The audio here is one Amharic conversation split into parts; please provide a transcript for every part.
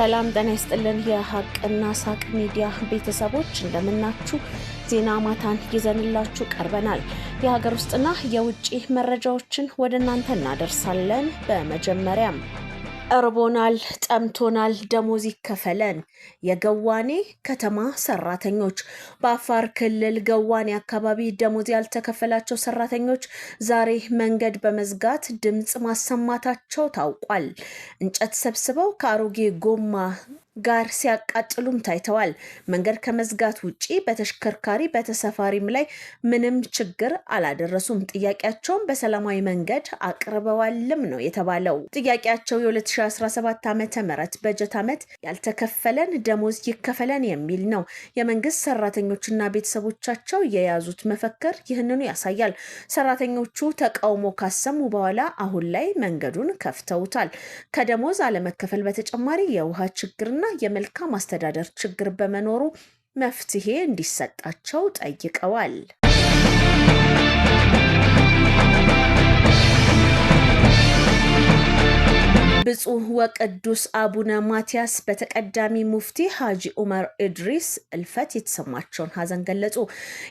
ሰላም ጤና ይስጥልን። የሀቅና ሳቅ ሚዲያ ቤተሰቦች እንደምናችሁ። ዜና ማታን ይዘንላችሁ ቀርበናል። የሀገር ውስጥና የውጭ መረጃዎችን ወደ እናንተ እናደርሳለን። በመጀመሪያም እርቦናል፣ ጠምቶናል፣ ደሞዝ ይከፈለን። የገዋኔ ከተማ ሰራተኞች በአፋር ክልል ገዋኔ አካባቢ ደሞዝ ያልተከፈላቸው ሰራተኞች ዛሬ መንገድ በመዝጋት ድምፅ ማሰማታቸው ታውቋል። እንጨት ሰብስበው ከአሮጌ ጎማ ጋር ሲያቃጥሉም ታይተዋል። መንገድ ከመዝጋት ውጪ በተሽከርካሪ በተሰፋሪም ላይ ምንም ችግር አላደረሱም። ጥያቄያቸውን በሰላማዊ መንገድ አቅርበዋልም ነው የተባለው። ጥያቄያቸው የ2017 ዓ ም በጀት ዓመት ያልተከፈለን ደሞዝ ይከፈለን የሚል ነው። የመንግስት ሰራተኞችና ቤተሰቦቻቸው የያዙት መፈክር ይህንኑ ያሳያል። ሰራተኞቹ ተቃውሞ ካሰሙ በኋላ አሁን ላይ መንገዱን ከፍተውታል። ከደሞዝ አለመከፈል በተጨማሪ የውሃ ችግር የመንግስትና የመልካም አስተዳደር ችግር በመኖሩ መፍትሄ እንዲሰጣቸው ጠይቀዋል። ብፁዕ ወቅዱስ አቡነ ማቲያስ በተቀዳሚ ሙፍቲ ሀጂ ኡመር ኢድሪስ እልፈት የተሰማቸውን ሀዘን ገለጹ።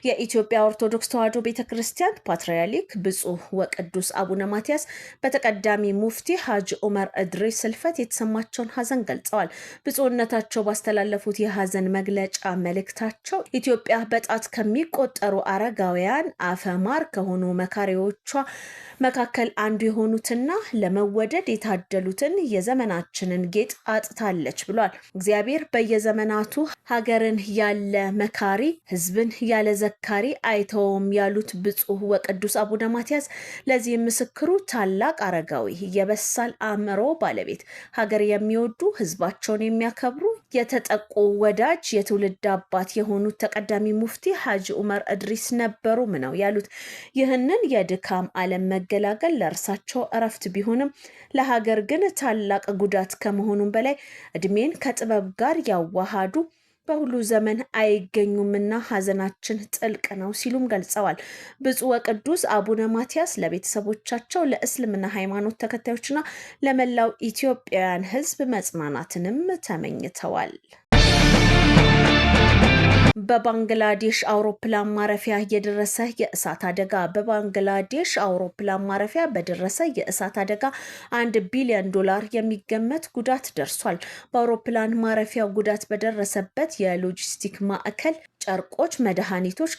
የኢትዮጵያ ኦርቶዶክስ ተዋሕዶ ቤተ ክርስቲያን ፓትርያርክ ብፁዕ ወቅዱስ አቡነ ማቲያስ በተቀዳሚ ሙፍቲ ሀጂ ኡመር ኢድሪስ እልፈት የተሰማቸውን ሀዘን ገልጸዋል። ብፁዕነታቸው ባስተላለፉት የሀዘን መግለጫ መልእክታቸው ኢትዮጵያ በጣት ከሚቆጠሩ አረጋውያን አፈማር ከሆኑ መካሪዎቿ መካከል አንዱ የሆኑትና ለመወደድ የታደሉትን ግን የዘመናችንን ጌጥ አጥታለች ብሏል። እግዚአብሔር በየዘመናቱ ሀገርን ያለ መካሪ ህዝብን ያለ ዘካሪ አይተውም ያሉት ብፁዕ ወቅዱስ አቡነ ማትያስ ለዚህ ምስክሩ ታላቅ አረጋዊ የበሳል አእምሮ ባለቤት ሀገር የሚወዱ ህዝባቸውን የሚያከብሩ የተጠቁ ወዳጅ የትውልድ አባት የሆኑት ተቀዳሚ ሙፍቲ ሀጂ ኡመር እድሪስ ነበሩም ነው ያሉት። ይህንን የድካም ዓለም መገላገል ለእርሳቸው እረፍት ቢሆንም ለሀገር ግን ታላቅ ጉዳት ከመሆኑም በላይ እድሜን ከጥበብ ጋር ያዋሃዱ በሁሉ ዘመን አይገኙምና ሐዘናችን ጥልቅ ነው ሲሉም ገልጸዋል። ብፁዕ ወቅዱስ አቡነ ማትያስ ለቤተሰቦቻቸው፣ ለእስልምና ሃይማኖት ተከታዮችና ለመላው ኢትዮጵያውያን ሕዝብ መጽናናትንም ተመኝተዋል። በባንግላዴሽ አውሮፕላን ማረፊያ የደረሰ የእሳት አደጋ። በባንግላዴሽ አውሮፕላን ማረፊያ በደረሰ የእሳት አደጋ አንድ ቢሊዮን ዶላር የሚገመት ጉዳት ደርሷል። በአውሮፕላን ማረፊያው ጉዳት በደረሰበት የሎጂስቲክ ማዕከል ጨርቆች፣ መድኃኒቶች፣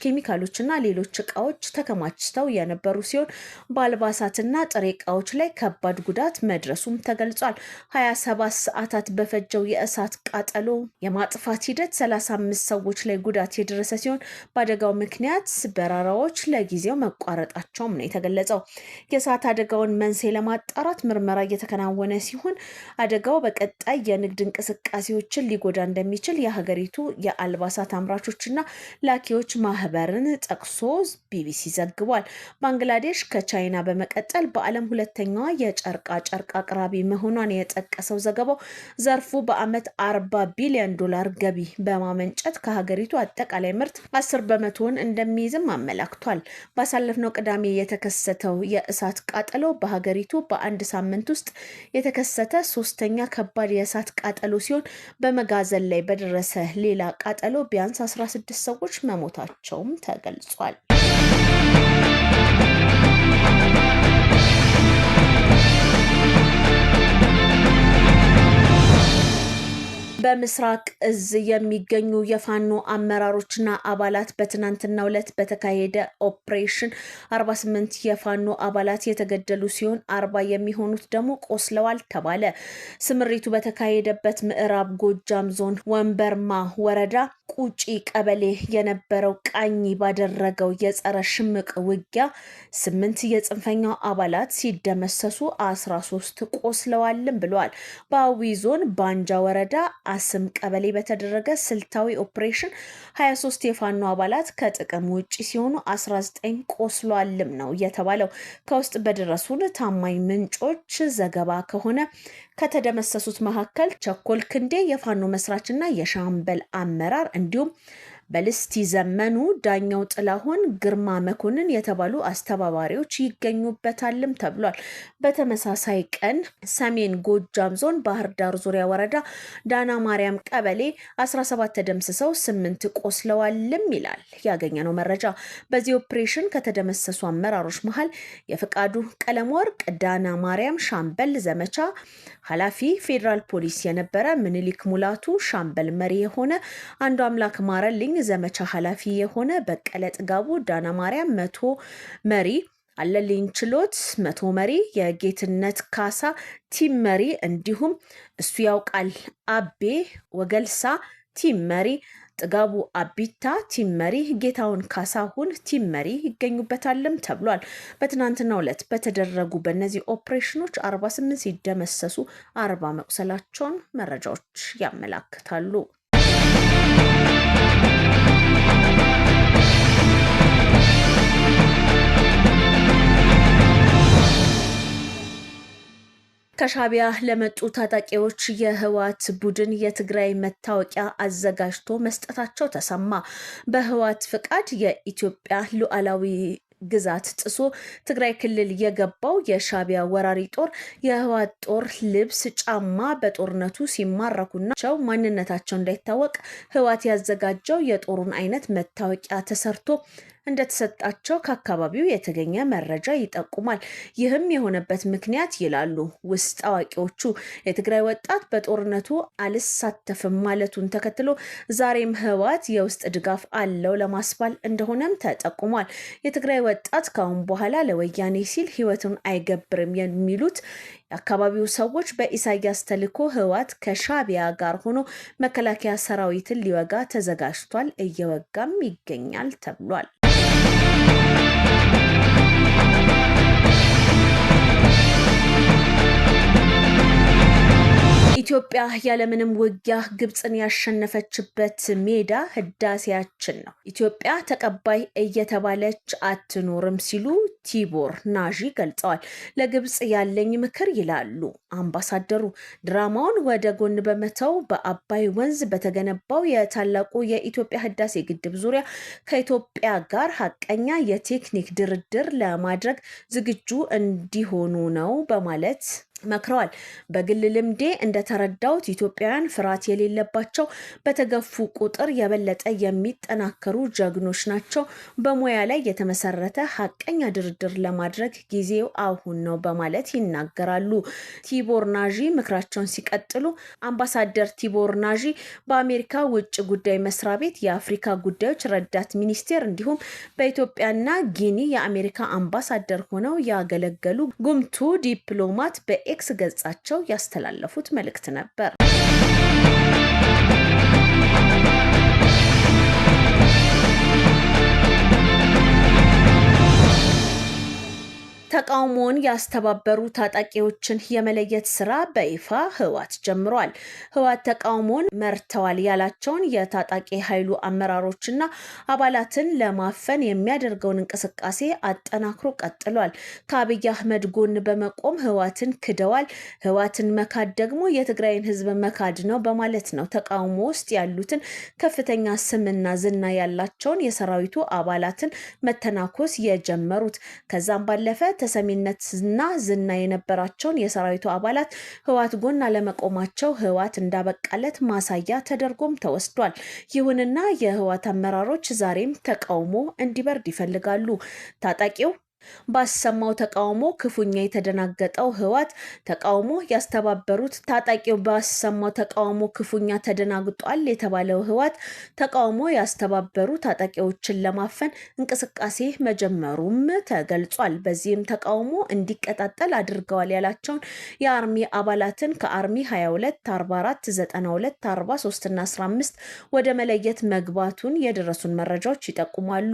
እና ሌሎች እቃዎች ተከማችተው የነበሩ ሲሆን በአልባሳትና ጥሬ እቃዎች ላይ ከባድ ጉዳት መድረሱም ተገልጿል። 27 ሰዓታት በፈጀው የእሳት ቃጠሎ የማጥፋት ሂደት 35 ሰዎች ላይ ጉዳት የደረሰ ሲሆን በአደጋው ምክንያት በረራዎች ለጊዜው መቋረጣቸውም ነው የተገለጸው። የእሳት አደጋውን መንስኤ ለማጣራት ምርመራ እየተከናወነ ሲሆን አደጋው በቀጣይ የንግድ እንቅስቃሴዎችን ሊጎዳ እንደሚችል የሀገሪቱ የአልባሳት አምራቾች እና ላኪዎች ማህበርን ጠቅሶ ቢቢሲ ዘግቧል። ባንግላዴሽ ከቻይና በመቀጠል በዓለም ሁለተኛዋ የጨርቃ ጨርቅ አቅራቢ መሆኗን የጠቀሰው ዘገባው ዘርፉ በዓመት አርባ ቢሊዮን ዶላር ገቢ በማመንጨት ከሀገሪቱ አጠቃላይ ምርት 10 በመቶውን እንደሚይዝም አመላክቷል። ባሳለፍነው ቅዳሜ የተከሰተው የእሳት ቃጠሎ በሀገሪቱ በአንድ ሳምንት ውስጥ የተከሰተ ሶስተኛ ከባድ የእሳት ቃጠሎ ሲሆን በመጋዘን ላይ በደረሰ ሌላ ቃጠሎ ቢያንስ ስድስት ሰዎች መሞታቸውም ተገልጿል። በምስራቅ እዝ የሚገኙ የፋኖ አመራሮችና አባላት በትናንትና ዕለት በተካሄደ ኦፕሬሽን 48 የፋኖ አባላት የተገደሉ ሲሆን አርባ የሚሆኑት ደግሞ ቆስለዋል ተባለ። ስምሪቱ በተካሄደበት ምዕራብ ጎጃም ዞን ወንበርማ ወረዳ ቁጪ ቀበሌ የነበረው ቃኝ ባደረገው የጸረ ሽምቅ ውጊያ ስምንት የጽንፈኛ አባላት ሲደመሰሱ አስራ ሶስት ቆስለዋልም ብለዋል። በአዊ ዞን ባንጃ ወረዳ አስም ቀበሌ በተደረገ ስልታዊ ኦፕሬሽን ሀያ ሶስት የፋኖ አባላት ከጥቅም ውጭ ሲሆኑ አስራ ዘጠኝ ቆስሏልም ነው የተባለው። ከውስጥ በደረሱን ታማኝ ምንጮች ዘገባ ከሆነ ከተደመሰሱት መካከል ቸኮል ክንዴ የፋኖ መስራችና የሻምበል አመራር እንዲሁም በልስቲ ዘመኑ፣ ዳኛው ጥላሁን፣ ግርማ መኮንን የተባሉ አስተባባሪዎች ይገኙበታልም ተብሏል። በተመሳሳይ ቀን ሰሜን ጎጃም ዞን ባህር ዳር ዙሪያ ወረዳ ዳና ማርያም ቀበሌ 17 ተደምስሰው ስምንት ቆስለዋልም ይላል ያገኘነው መረጃ። በዚህ ኦፕሬሽን ከተደመሰሱ አመራሮች መሀል የፈቃዱ ቀለም ወርቅ ዳና ማርያም ሻምበል ዘመቻ ኃላፊ ፌዴራል ፖሊስ የነበረ ምኒልክ ሙላቱ ሻምበል መሪ የሆነ አንዱ አምላክ ማረልኝ ዘመቻ ኃላፊ የሆነ በቀለ ጥጋቡ ዳና ማርያም መቶ መሪ አለልኝ ችሎት መቶ መሪ የጌትነት ካሳ ቲም መሪ እንዲሁም እሱ ያውቃል አቤ ወገልሳ ቲም መሪ ጥጋቡ አቢታ ቲም መሪ ጌታውን ካሳሁን ቲም መሪ ይገኙበታልም ተብሏል። በትናንትናው ዕለት በተደረጉ በእነዚህ ኦፕሬሽኖች ስምንት ሲደመሰሱ አርባ መቁሰላቸውን መረጃዎች ያመላክታሉ። ከሻቢያ ለመጡ ታጣቂዎች የህወሓት ቡድን የትግራይ መታወቂያ አዘጋጅቶ መስጠታቸው ተሰማ። በህወሓት ፍቃድ የኢትዮጵያ ሉዓላዊ ግዛት ጥሶ ትግራይ ክልል የገባው የሻቢያ ወራሪ ጦር የህወሓት ጦር ልብስ፣ ጫማ በጦርነቱ ሲማረኩና ቸው ማንነታቸው እንዳይታወቅ ህወሓት ያዘጋጀው የጦሩን አይነት መታወቂያ ተሰርቶ እንደተሰጣቸው ከአካባቢው የተገኘ መረጃ ይጠቁማል። ይህም የሆነበት ምክንያት ይላሉ ውስጥ አዋቂዎቹ የትግራይ ወጣት በጦርነቱ አልሳተፍም ማለቱን ተከትሎ ዛሬም ህወሓት የውስጥ ድጋፍ አለው ለማስባል እንደሆነም ተጠቁሟል። የትግራይ ወጣት ከአሁን በኋላ ለወያኔ ሲል ህይወቱን አይገብርም የሚሉት የአካባቢው ሰዎች በኢሳያስ ተልዕኮ ህወሓት ከሻቢያ ጋር ሆኖ መከላከያ ሰራዊትን ሊወጋ ተዘጋጅቷል፣ እየወጋም ይገኛል ተብሏል። ኢትዮጵያ ያለምንም ውጊያ ግብፅን ያሸነፈችበት ሜዳ ህዳሴያችን ነው። ኢትዮጵያ ተቀባይ እየተባለች አትኖርም ሲሉ ቲቦር ናዢ ገልጸዋል። ለግብፅ ያለኝ ምክር ይላሉ አምባሳደሩ፣ ድራማውን ወደ ጎን በመተው በአባይ ወንዝ በተገነባው የታላቁ የኢትዮጵያ ህዳሴ ግድብ ዙሪያ ከኢትዮጵያ ጋር ሀቀኛ የቴክኒክ ድርድር ለማድረግ ዝግጁ እንዲሆኑ ነው በማለት መክረዋል። በግል ልምዴ እንደተረዳሁት ኢትዮጵያውያን ፍርሃት የሌለባቸው በተገፉ ቁጥር የበለጠ የሚጠናከሩ ጀግኖች ናቸው። በሙያ ላይ የተመሰረተ ሀቀኛ ድርድር ለማድረግ ጊዜው አሁን ነው በማለት ይናገራሉ። ቲቦር ናዢ ምክራቸውን ሲቀጥሉ አምባሳደር ቲቦር ናዢ በአሜሪካ ውጭ ጉዳይ መስሪያ ቤት የአፍሪካ ጉዳዮች ረዳት ሚኒስቴር እንዲሁም በኢትዮጵያና ጊኒ የአሜሪካ አምባሳደር ሆነው ያገለገሉ ጉምቱ ዲፕሎማት በ በኤክስ ገጻቸው ያስተላለፉት መልእክት ነበር። ተቃውሞውን ያስተባበሩ ታጣቂዎችን የመለየት ስራ በይፋ ህወሓት ጀምሯል። ህወሓት ተቃውሞውን መርተዋል ያላቸውን የታጣቂ ኃይሉ አመራሮችና አባላትን ለማፈን የሚያደርገውን እንቅስቃሴ አጠናክሮ ቀጥሏል። ከአብይ አህመድ ጎን በመቆም ህወሓትን ክደዋል። ህወሓትን መካድ ደግሞ የትግራይን ህዝብ መካድ ነው በማለት ነው ተቃውሞ ውስጥ ያሉትን ከፍተኛ ስምና ዝና ያላቸውን የሰራዊቱ አባላትን መተናኮስ የጀመሩት ከዛም ባለፈ ተሰሚነትና ዝና የነበራቸውን የሰራዊቱ አባላት ህወሓት ጎን አለመቆማቸው ህወሓት እንዳበቃለት ማሳያ ተደርጎም ተወስዷል። ይሁንና የህወሓት አመራሮች ዛሬም ተቃውሞ እንዲበርድ ይፈልጋሉ። ታጣቂው ባሰማው ተቃውሞ ክፉኛ የተደናገጠው ህወሓት ተቃውሞ ያስተባበሩት ታጣቂው ባሰማው ተቃውሞ ክፉኛ ተደናግጧል የተባለው ህወሓት ተቃውሞ ያስተባበሩ ታጣቂዎችን ለማፈን እንቅስቃሴ መጀመሩም ተገልጿል። በዚህም ተቃውሞ እንዲቀጣጠል አድርገዋል ያላቸውን የአርሚ አባላትን ከአርሚ 22፣ 44፣ 92፣ 43 እና 15 ወደ መለየት መግባቱን የደረሱን መረጃዎች ይጠቁማሉ።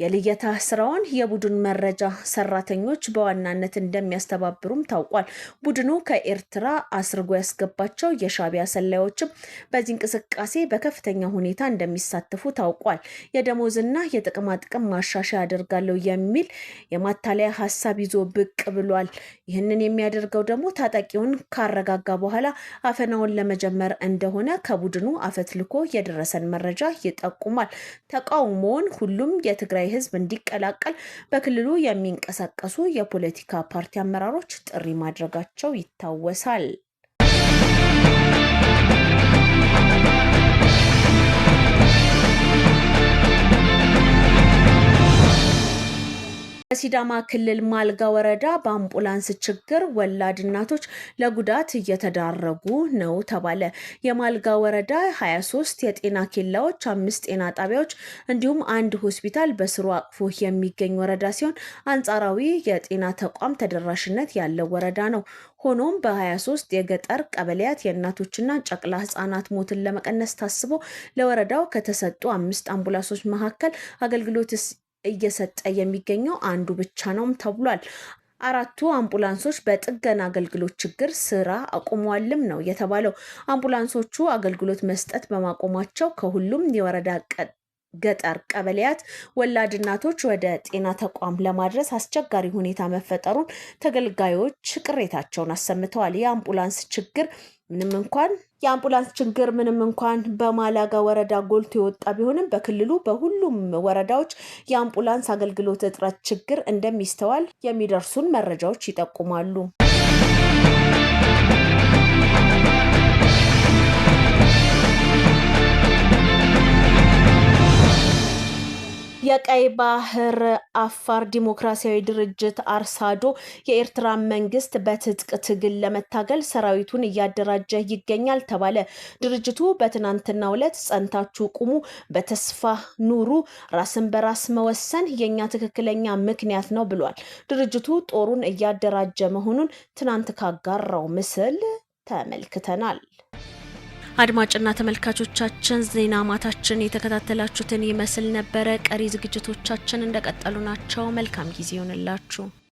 የልየታ ስራውን የቡድን መረጃ ሰራተኞች በዋናነት እንደሚያስተባብሩም ታውቋል። ቡድኑ ከኤርትራ አስርጎ ያስገባቸው የሻቢያ ሰላዮችም በዚህ እንቅስቃሴ በከፍተኛ ሁኔታ እንደሚሳተፉ ታውቋል። የደሞዝና የጥቅማጥቅም ማሻሻያ አደርጋለሁ የሚል የማታለያ ሀሳብ ይዞ ብቅ ብሏል። ይህንን የሚያደርገው ደግሞ ታጣቂውን ካረጋጋ በኋላ አፈናውን ለመጀመር እንደሆነ ከቡድኑ አፈትልኮ የደረሰን መረጃ ይጠቁማል። ተቃውሞውን ሁሉም የትግራይ ትግራይ ህዝብ እንዲቀላቀል በክልሉ የሚንቀሳቀሱ የፖለቲካ ፓርቲ አመራሮች ጥሪ ማድረጋቸው ይታወሳል። በሲዳማ ክልል ማልጋ ወረዳ በአምቡላንስ ችግር ወላድ እናቶች ለጉዳት እየተዳረጉ ነው ተባለ። የማልጋ ወረዳ 23 የጤና ኬላዎች፣ አምስት ጤና ጣቢያዎች እንዲሁም አንድ ሆስፒታል በስሩ አቅፎ የሚገኝ ወረዳ ሲሆን አንጻራዊ የጤና ተቋም ተደራሽነት ያለው ወረዳ ነው። ሆኖም በ23 የገጠር ቀበሌያት የእናቶችና ጨቅላ ህጻናት ሞትን ለመቀነስ ታስቦ ለወረዳው ከተሰጡ አምስት አምቡላንሶች መካከል አገልግሎት እየሰጠ የሚገኘው አንዱ ብቻ ነውም ተብሏል። አራቱ አምቡላንሶች በጥገና አገልግሎት ችግር ስራ አቁሟልም ነው የተባለው። አምቡላንሶቹ አገልግሎት መስጠት በማቆማቸው ከሁሉም የወረዳ ገጠር ቀበሌያት ወላድ እናቶች ወደ ጤና ተቋም ለማድረስ አስቸጋሪ ሁኔታ መፈጠሩን ተገልጋዮች ቅሬታቸውን አሰምተዋል። የአምቡላንስ ችግር ምንም እንኳን የአምቡላንስ ችግር ምንም እንኳን በማላጋ ወረዳ ጎልቶ የወጣ ቢሆንም በክልሉ በሁሉም ወረዳዎች የአምቡላንስ አገልግሎት እጥረት ችግር እንደሚስተዋል የሚደርሱን መረጃዎች ይጠቁማሉ። የቀይ ባህር አፋር ዲሞክራሲያዊ ድርጅት አርሳዶ የኤርትራ መንግስት በትጥቅ ትግል ለመታገል ሰራዊቱን እያደራጀ ይገኛል ተባለ። ድርጅቱ በትናንትናው ዕለት ጸንታችሁ ቁሙ፣ በተስፋ ኑሩ፣ ራስን በራስ መወሰን የእኛ ትክክለኛ ምክንያት ነው ብሏል። ድርጅቱ ጦሩን እያደራጀ መሆኑን ትናንት ካጋራው ምስል ተመልክተናል። አድማጭና ተመልካቾቻችን ዜና ማታችን የተከታተላችሁትን ይመስል ነበረ። ቀሪ ዝግጅቶቻችን እንደቀጠሉ ናቸው። መልካም ጊዜ ይሆንላችሁ።